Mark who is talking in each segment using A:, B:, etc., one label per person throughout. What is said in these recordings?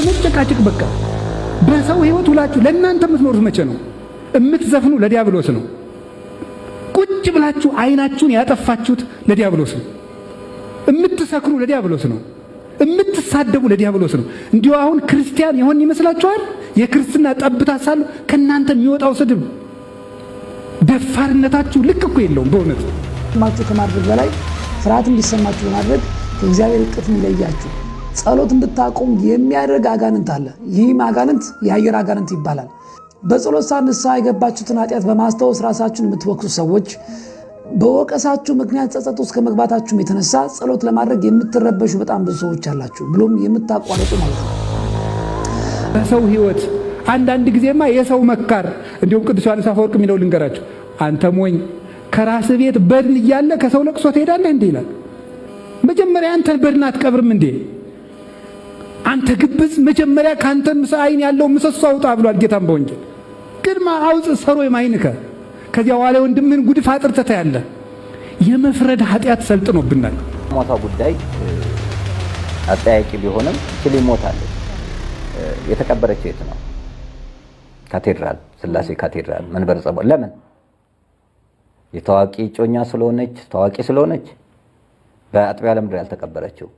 A: በመጨቃጨቅ በቃ በሰው ህይወት ውላችሁ ለእናንተ የምትኖሩት መቼ ነው? የምትዘፍኑ ለዲያብሎስ ነው። ቁጭ ብላችሁ አይናችሁን ያጠፋችሁት ለዲያብሎስ ነው። የምትሰክሩ ለዲያብሎስ ነው። የምትሳደቡ ለዲያብሎስ ነው። እንዲሁ አሁን ክርስቲያን የሆን ይመስላችኋል? የክርስትና ጠብታ ሳሉ ከእናንተ የሚወጣው ስድብ ደፋርነታችሁ ልክ እኮ የለውም። በእውነት
B: ማችሁ ከማድረግ በላይ ፍርሃት እንዲሰማችሁ በማድረግ ከእግዚአብሔር እቅፍ ይለያችሁ። ጸሎት እንድታቆም የሚያደርግ አጋንንት አለ። ይህም አጋንንት የአየር አጋንንት ይባላል። በጸሎት ሰዓት ንስሐ የገባችሁትን ኃጢአት በማስታወስ ራሳችሁን የምትወቅሱ ሰዎች በወቀሳችሁ ምክንያት ጸጸት ውስጥ ከመግባታችሁም የተነሳ ጸሎት ለማድረግ የምትረበሹ በጣም ብዙ ሰዎች አላችሁ፣ ብሎም የምታቋርጡ ማለት ነው።
A: በሰው ህይወት አንዳንድ ጊዜማ የሰው መካር እንዲሁም ቅዱስ ዮሐንስ አፈወርቅ የሚለው ልንገራቸው፣ አንተ ሞኝ ከራስ ቤት በድን እያለ ከሰው ለቅሶ ትሄዳለህ እንዴ ይላል። መጀመሪያ አንተን በድን አትቀብርም እንዴ? አንተ ግብዝ፣ መጀመሪያ ከአንተ አይን ያለው ምሰሶ አውጣ ብሏል ጌታም በወንጌል ግድማ አውፅ ሰሮ የማይንከ ከዚያ በኋላ ወንድምህን ጉድፍ አጥርተታ ያለ የመፍረድ ኃጢአት ሰልጥኖብናል።
C: ሞታ ጉዳይ አጠያቂ ቢሆንም ችል ሞታለች። የተቀበረች የት ነው? ካቴድራል ስላሴ ካቴድራል መንበረ ጸባዖት። ለምን? የታዋቂ ጮኛ ስለሆነች ታዋቂ ስለሆነች በአጥቢያ ለምድር ያልተቀበረችው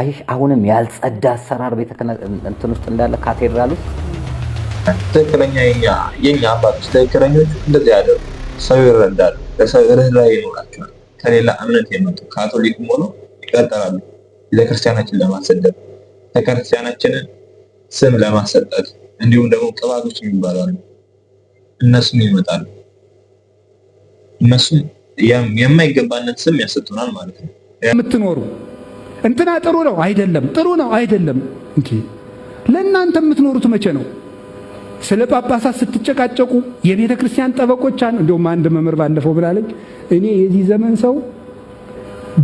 C: አይሽ አሁንም ያልጸዳ አሰራር ቤተ ውስጥ እንዳለ ካቴድራል ውስጥ
D: ትክክለኛ የኛ አባቶች ትክክለኞቹ እንደዚህ ያደሩ ሰው ይረዳሉ፣ ለሰው ላይ ይኖራቸዋል። ከሌላ እምነት የመጡ ካቶሊክም ሆኖ ይቀጠራሉ ቤተክርስቲያናችን ለማሰደብ ቤተክርስቲያናችንን ስም ለማሰጠት እንዲሁም ደግሞ ቅባቶች ይባላሉ እነሱም ይመጣሉ። እነሱም የማይገባነት ስም ያሰጡናል ማለት ነው
A: የምትኖሩ እንትና ጥሩ ነው አይደለም፣ ጥሩ ነው አይደለም። እንጂ ለእናንተ የምትኖሩት መቼ ነው? ስለ ጳጳሳት ስትጨቃጨቁ የቤተ ክርስቲያን ጠበቆች አን እንዲሁም አንድ መምህር ባለፈው ብላለች፣ እኔ የዚህ ዘመን ሰው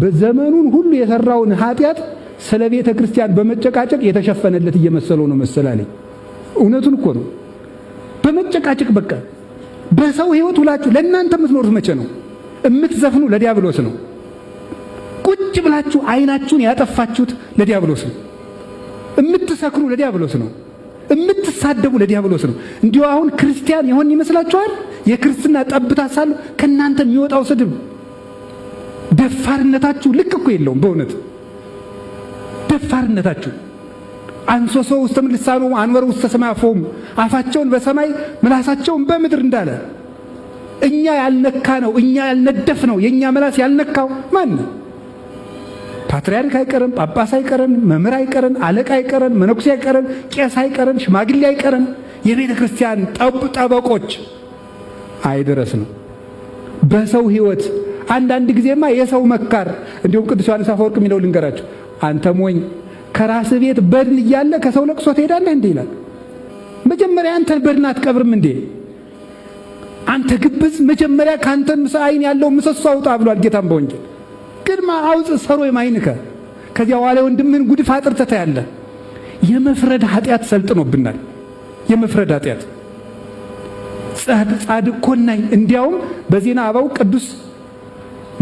A: በዘመኑን ሁሉ የሰራውን ኃጢአት ስለ ቤተ ክርስቲያን በመጨቃጨቅ የተሸፈነለት እየመሰለው ነው መሰላለኝ። እውነቱን እኮ ነው። በመጨቃጨቅ በቃ በሰው ህይወት ሁላችሁ ለእናንተ የምትኖሩት መቼ ነው? የምትዘፍኑ ለዲያብሎስ ነው። ቁጭ ብላችሁ አይናችሁን ያጠፋችሁት ለዲያብሎስ ነው። የምትሰክሩ ለዲያብሎስ ነው። የምትሳደቡ ለዲያብሎስ ነው። እንዲሁ አሁን ክርስቲያን የሆን ይመስላችኋል? የክርስትና ጠብታ ሳሉ ከእናንተ የሚወጣው ስድብ ደፋርነታችሁ ልክ እኮ የለውም። በእውነት ደፋርነታችሁ አንሶሶ ውስተ ምልሳኖሙ አንወር ውስተ ሰማይ አፋቸውን በሰማይ ምላሳቸውን በምድር እንዳለ እኛ ያልነካ ነው እኛ ያልነደፍ ነው የእኛ ምላስ ያልነካው ማን ነው? ፓትሪያርክ አይቀረን፣ ጳጳስ አይቀረን፣ መምህር አይቀረን፣ አለቃ አይቀረን፣ መነኩሴ አይቀረን፣ ቄስ አይቀረን፣ ሽማግሌ አይቀረን። የቤተ ክርስቲያን ጠብ ጠበቆች አይድረስ ነው በሰው አንድ አንዳንድ ጊዜማ የሰው መካር እንዲሁም ቅዱስ ዮሐንስ አፈወርቅ የሚለው ልንገራቸው። አንተ ሞኝ ከራስህ ቤት በድን እያለ ከሰው ለቅሶ ትሄዳለህ እንዴ ይላል። መጀመሪያ አንተን በድን አትቀብርም እንዴ? አንተ ግብዝ፣ መጀመሪያ ከአንተን ምሰ አይን ያለው ምሰሶ አውጣ ብሏል ጌታም በወንጌል ቅድማ አውፅ ሰሮ የማይንከ ከዚያ በኋላ ወንድምህን ጉድፍ አጥርተታ ያለ የመፍረድ ኃጢአት ሰልጥኖብናል። የመፍረድ ኃጢአት ጻድቅ ኮናኝ እንዲያውም በዜና አበው ቅዱስ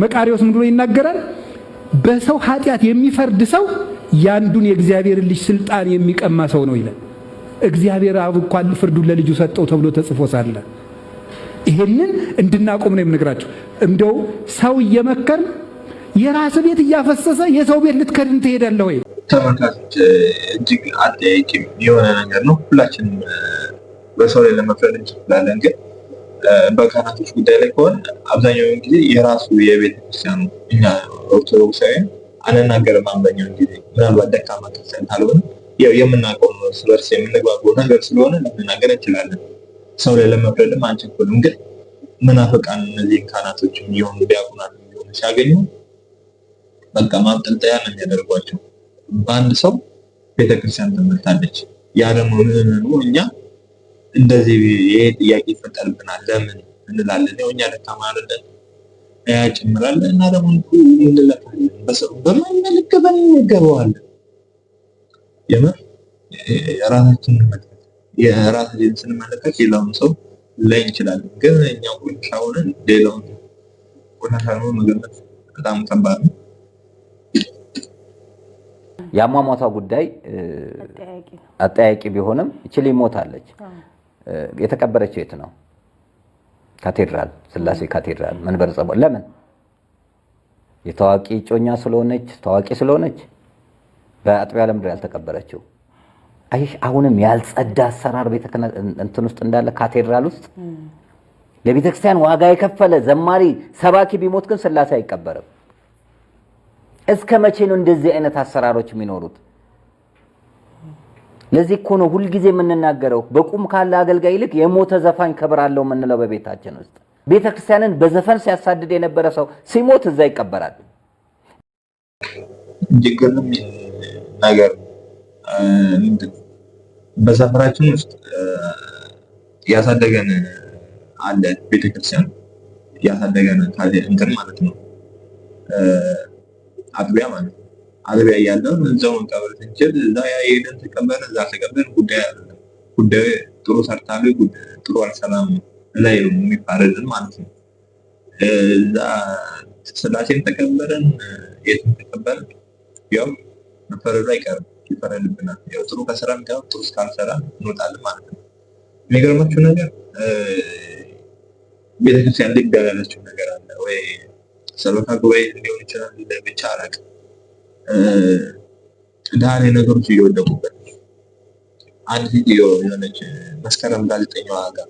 A: መቃሪዎስ ምን ብሎ ይናገራል? በሰው ኃጢአት የሚፈርድ ሰው ያንዱን የእግዚአብሔር ልጅ ስልጣን የሚቀማ ሰው ነው ይላል። እግዚአብሔር አብ እንኳን ፍርዱን ለልጁ ሰጠው ተብሎ ተጽፎ ሳለ ይሄንን እንድናቆም ነው የምነግራቸው። እንደው ሰው እየመከርን የራስ ቤት እያፈሰሰ የሰው ቤት ልትከድን ትሄዳለህ ወይ?
D: ተመልካች እጅግ አጠያቂ የሆነ ነገር ነው። ሁላችንም በሰው ላይ ለመፍረድ እንችላለን፣ ግን በካህናቶች ጉዳይ ላይ ከሆነ አብዛኛውን ጊዜ የራሱ የቤተ ክርስቲያኑ እኛ ኦርቶዶክሳዊን አንናገርም። አብዛኛውን ጊዜ ምናልባት ደካማ ክርስቲያን ካልሆነ ያው የምናውቀው እርስ በርስ ነገር ስለሆነ ልንናገር እንችላለን። ሰው ላይ ለመፍረድም አንቸኩልም። ግን ምናፍቃን እነዚህ ካህናቶችም የሆኑ ዲያቆናት ሲያገኙ በቃ ማንጠልጠያ ነው የሚያደርጓቸው። በአንድ ሰው ቤተክርስቲያን ትምህርታለች። ያ ደግሞ ምዕመኑ እኛ እንደዚህ ይሄ ጥያቄ ይፈጠርብናል ለምን እንላለን። ያው እኛ ደካማ አይደለን ያጭምራል እና ደግሞ እንለታለን። በምንመለከበን እንገባዋለን። የምር ራሳችን እንመልከት። የራሳችን ስንመለከት ሌላውን ሰው ላይ እንችላለን፣ ግን እኛ ቆሻሻ ሆነን ሌላውን ቆሻሻ ነው መገመት በጣም ከባድ ነው።
C: የአሟሟቷ ጉዳይ አጠያቂ ቢሆንም እችል ሞታለች። የተቀበረችው የት ነው? ካቴድራል ስላሴ ካቴድራል መንበረ ጸባኦት። ለምን? የታዋቂ እጮኛ ስለሆነች ታዋቂ ስለሆነች በአጥቢያ ለምድር ያልተቀበረችው? አይሽ አሁንም ያልጸዳ አሰራር ቤተ እንትን ውስጥ እንዳለ ካቴድራል ውስጥ ለቤተክርስቲያን ዋጋ የከፈለ ዘማሪ ሰባኪ ቢሞት ግን ስላሴ አይቀበርም። እስከ መቼ ነው እንደዚህ አይነት አሰራሮች የሚኖሩት? ለዚህ እኮ ነው ሁልጊዜ የምንናገረው በቁም ካለ አገልጋይ ይልቅ የሞተ ዘፋኝ ክብር አለው የምንለው። በቤታችን ውስጥ ቤተ ክርስቲያንን በዘፈን ሲያሳድድ የነበረ ሰው ሲሞት እዛ ይቀበራል።
D: ችግርም ነገር በሰፈራችን ውስጥ ያሳደገን አለ ቤተክርስቲያን ያሳደገን እንትን ማለት ነው አጥቢያ ማለት ነው። አጥቢያ እያለን እዛው መቀበር ስንችል እዛ የሄደን ተቀበር እዛ ተቀበር ጉዳይ አለ ጉዳዩ ጥሩ ሰርታሉ ጥሩ አልሰራም ላይ ነው የሚፋረድን ማለት ነው። እዛ ስላሴን ተቀበርን የትን ተቀበርን ያው መፈረዱ አይቀርም ይፈረድብናል። ያው ጥሩ ከሰራን ጋር ጥሩ እስካልሰራ እንወጣለን ማለት ነው። የሚገርማችሁ ነገር ቤተክርስቲያን ላይ ያለችው ነገር አለ ወይ ሰበካ ጉባኤ ሊሆን ይችላል። ብቻ አላውቅም። ዳሬ ነገሮች እየወደቁበት አንድ ቪዲዮ የሆነች መስከረም ጋዜጠኛዋ ጋር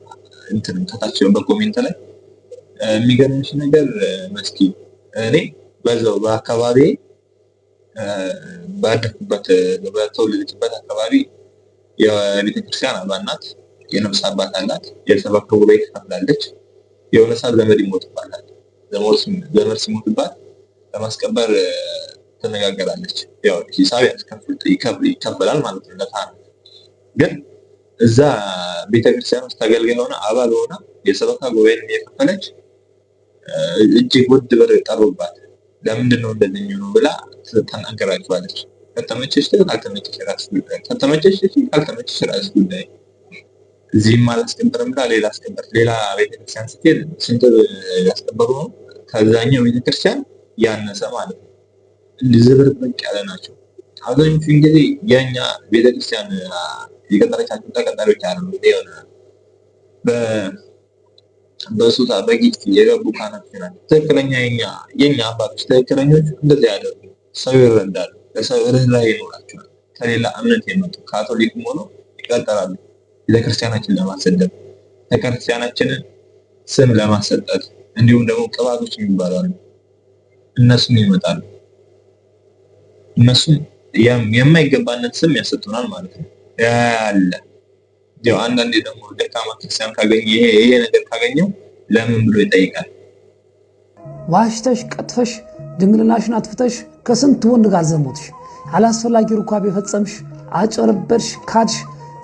D: እንትን ከታች በኮሜንት ላይ የሚገርምሽ ነገር መስኪ እኔ በዛው በአካባቢ ባደኩበት በተወለደችበት አካባቢ የቤተክርስቲያን አባል ናት። የነፍስ አባት አላት። የሰበካ ጉባኤ ትከፍላለች። የሆነ ሰዓት ዘመድ ይሞትባላል ዘመድ ሲሞትባት ለማስቀበር ትነጋገራለች። ያው ሂሳብ ይከበላል ማለት ነው። ለታ ግን እዛ ቤተክርስቲያን ውስጥ አገልጋይ ሆነ አባል ሆነ የሰበካ ጉባኤን የከፈለች እጅግ ውድ ብር ጠሩባት። ለምንድን ነው እንደዚህ ነው ብላ ተናገራችኋለች። ከተመቸሽ ካልተመቸሽ ራስ ጉዳይ፣ ከተመቸሽ ካልተመቸሽ ራስ ጉዳይ። እዚህም አላስቀበርም ብላ ሌላ አስቀበር ሌላ ቤተክርስቲያን ስትሄድ ስንት ያስቀበሩ ነው ከአብዛኛው ቤተክርስቲያን ያነሰ ማለት ነው። ዝብርቅርቅ ያለ ናቸው። አብዛኞቹ ጊዜ የኛ ቤተክርስቲያን የቀጠረቻቸው ተቀጣሪዎች አሉ ሆነ በሱታ በጊፍት የገቡ ካናት ናቸው። ትክክለኛ የኛ አባቶች ትክክለኞቹ እንደዚህ ያደርጉ ሰው ይረዳሉ፣ ለሰው ላይ ይኖራቸዋል። ከሌላ እምነት የመጡ ካቶሊክም ሆኖ ይቀጠራሉ ቤተክርስቲያናችን ለማሰደብ ቤተክርስቲያናችንን ስም ለማሰጠት እንዲሁም ደግሞ ቅባቶች ይባላሉ። እነሱም ይመጣሉ። እነሱም የማይገባነት ስም ያሰጡናል ማለት ነው። ያለ ያው አንዳንዴ ደግሞ ደካማ ክርስቲያን ካገኘ ይሄ ይሄ ነገር ካገኘው ለምን ብሎ ይጠይቃል።
B: ዋሽተሽ ቀጥፈሽ ድንግልናሽን አጥፍተሽ ከስንት ወንድ ጋር ዘሞትሽ፣ አላስፈላጊ ሩካቤ ፈጸምሽ፣ አጨረበድሽ፣ ካድሽ፣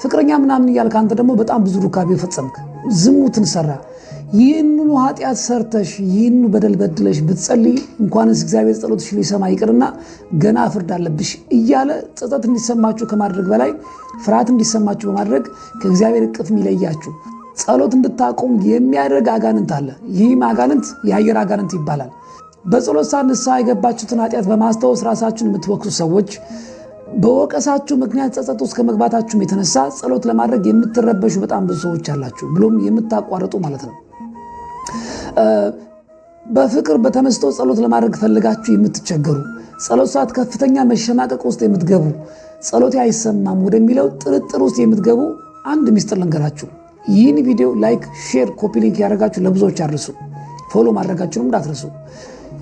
B: ፍቅረኛ ምናምን እያልክ አንተ ደግሞ በጣም ብዙ ሩካቤ ፈጸምክ፣ ዝሙትን ሰራ ይህንኑ ኃጢአት ሰርተሽ ይህንኑ በደል በድለሽ ብትጸልይ እንኳንስ እግዚአብሔር ጸሎትሽ ሊሰማ ይቅርና ገና ፍርድ አለብሽ እያለ ጸጸት እንዲሰማችሁ ከማድረግ በላይ ፍርሃት እንዲሰማችሁ በማድረግ ከእግዚአብሔር እቅፍ የሚለያችሁ ጸሎት እንድታቆም የሚያደርግ አጋንንት አለ። ይህም አጋንንት የአየር አጋንንት ይባላል። በጸሎት ሳ ንስሐ የገባችሁትን ኃጢአት በማስታወስ ራሳችሁን የምትወቅሱ ሰዎች በወቀሳችሁ ምክንያት ጸጸት ውስጥ ከመግባታችሁም የተነሳ ጸሎት ለማድረግ የምትረበሹ በጣም ብዙ ሰዎች አላችሁ፣ ብሎም የምታቋርጡ ማለት ነው። በፍቅር በተመስጦ ጸሎት ለማድረግ ፈልጋችሁ የምትቸገሩ ጸሎት ሰዓት ከፍተኛ መሸማቀቅ ውስጥ የምትገቡ ጸሎቴ አይሰማም ወደሚለው ጥርጥር ውስጥ የምትገቡ አንድ ሚስጥር ልንገራችሁ። ይህን ቪዲዮ ላይክ፣ ሼር፣ ኮፒ ሊንክ ያደረጋችሁ ለብዙዎች አድርሱ። ፎሎ ማድረጋችሁንም እንዳትረሱ።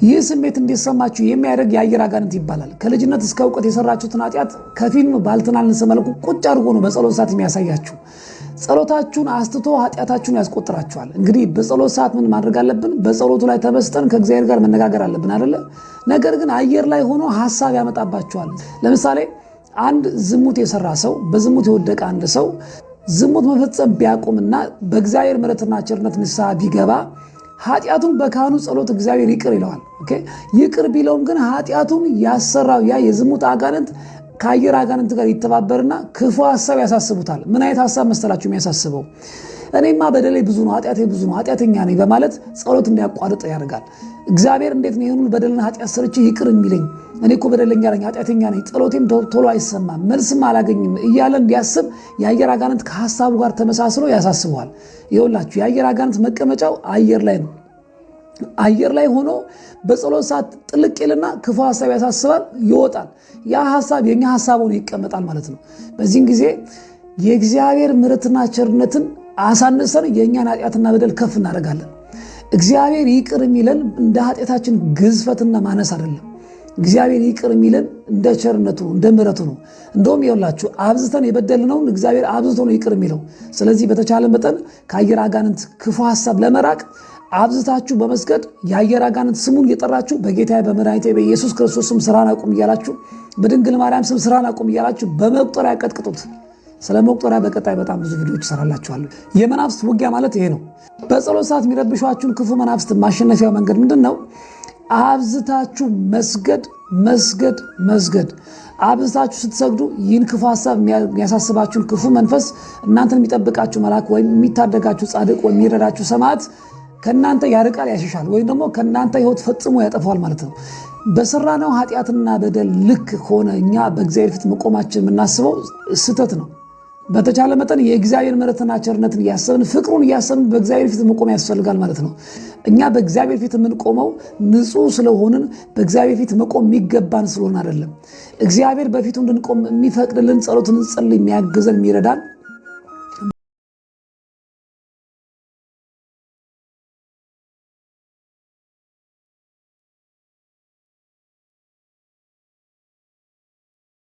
B: ይህ ስሜት እንዲሰማችሁ የሚያደርግ የአየር አጋንንት ይባላል። ከልጅነት እስከ እውቀት የሰራችሁትን ኃጢአት ከፊልም ባልተናነሰ መልኩ ቁጭ አድርጎ ነው በጸሎት ሰዓት የሚያሳያችሁ። ጸሎታችሁን አስትቶ ኃጢአታችሁን ያስቆጥራችኋል። እንግዲህ በጸሎት ሰዓት ምን ማድረግ አለብን? በጸሎቱ ላይ ተመስጠን ከእግዚአብሔር ጋር መነጋገር አለብን አይደለ? ነገር ግን አየር ላይ ሆኖ ሀሳብ ያመጣባችኋል። ለምሳሌ አንድ ዝሙት የሰራ ሰው፣ በዝሙት የወደቀ አንድ ሰው ዝሙት መፈጸም ቢያቆምና በእግዚአብሔር ምሕረትና ቸርነት ንስሐ ቢገባ ኃጢአቱን በካህኑ ጸሎት እግዚአብሔር ይቅር ይለዋል። ይቅር ቢለውም ግን ኃጢአቱን ያሰራው ያ የዝሙት አጋንንት ከአየር አጋንንት ጋር ይተባበርና ክፉ ሀሳብ ያሳስቡታል። ምን አይነት ሀሳብ መሰላችሁ የሚያሳስበው? እኔማ በደሌ ብዙ ነው፣ ኃጢአቴ ብዙ ነው፣ ኃጢአተኛ ነኝ በማለት ጸሎት እንዲያቋርጥ ያደርጋል። እግዚአብሔር እንዴት ነው ይህን በደልን ኃጢአት ሰርቼ ይቅር የሚለኝ? እኔ እኮ በደለኛ ነኝ፣ ኃጢአተኛ ነኝ፣ ጸሎቴም ቶሎ አይሰማም፣ መልስም አላገኝም እያለ እንዲያስብ የአየር አጋንንት ከሀሳቡ ጋር ተመሳስሎ ያሳስበዋል። ይኸውላችሁ የአየር አጋንንት መቀመጫው አየር ላይ ነው። አየር ላይ ሆኖ በጸሎት ሰዓት ጥልቅ ይልና ክፉ ሀሳብ ያሳስባል፣ ይወጣል። ያ ሀሳብ የኛ ሀሳብ ሆኖ ይቀመጣል ማለት ነው። በዚህም ጊዜ የእግዚአብሔር ምሕረትና ቸርነትን አሳንሰን የእኛን ኃጢአትና በደል ከፍ እናደርጋለን። እግዚአብሔር ይቅር የሚለን እንደ ኃጢአታችን ግዝፈትና ማነስ አይደለም። እግዚአብሔር ይቅር የሚለን እንደ ቸርነቱ እንደ ምሕረቱ ነው። እንደውም ይኸውላችሁ አብዝተን የበደልነውን እግዚአብሔር አብዝቶ ነው ይቅር የሚለው። ስለዚህ በተቻለ መጠን ከአየር አጋንንት ክፉ ሀሳብ ለመራቅ አብዝታችሁ በመስገድ የአየር አጋንንት ስሙን እየጠራችሁ በጌታ በመድኃኒቴ በኢየሱስ ክርስቶስ ስም ስራን አቁም እያላችሁ በድንግል ማርያም ስም ስራን አቁም እያላችሁ በመቁጠሪያ ቀጥቅጡት። ስለ መቁጠሪያ በቀጣይ በጣም ብዙ ቪዲዮዎች እሰራላችኋለሁ። የመናፍስት ውጊያ ማለት ይሄ ነው። በጸሎት ሰዓት የሚረብሿችሁን ክፉ መናፍስት ማሸነፊያ መንገድ ምንድን ነው? አብዝታችሁ መስገድ፣ መስገድ፣ መስገድ። አብዝታችሁ ስትሰግዱ ይህን ክፉ ሀሳብ የሚያሳስባችሁን ክፉ መንፈስ እናንተን የሚጠብቃችሁ መልአክ ወይም የሚታደጋችሁ ጻድቅ ወይም የሚረዳችሁ ሰማዕት ከእናንተ ያርቃል ያሸሻል፣ ወይም ደግሞ ከእናንተ ህይወት ፈጽሞ ያጠፋዋል ማለት ነው። በሰራነው ኃጢአትና በደል ልክ ከሆነ እኛ በእግዚአብሔር ፊት መቆማችን የምናስበው ስህተት ነው። በተቻለ መጠን የእግዚአብሔር ምሕረትና ቸርነትን እያሰብን ፍቅሩን እያሰብን በእግዚአብሔር ፊት መቆም ያስፈልጋል ማለት ነው። እኛ በእግዚአብሔር ፊት የምንቆመው ንጹህ ስለሆንን በእግዚአብሔር ፊት መቆም የሚገባን ስለሆን አይደለም። እግዚአብሔር በፊቱ እንድንቆም የሚፈቅድልን ጸሎትን እንጸልይ የሚያግዘን የሚረዳን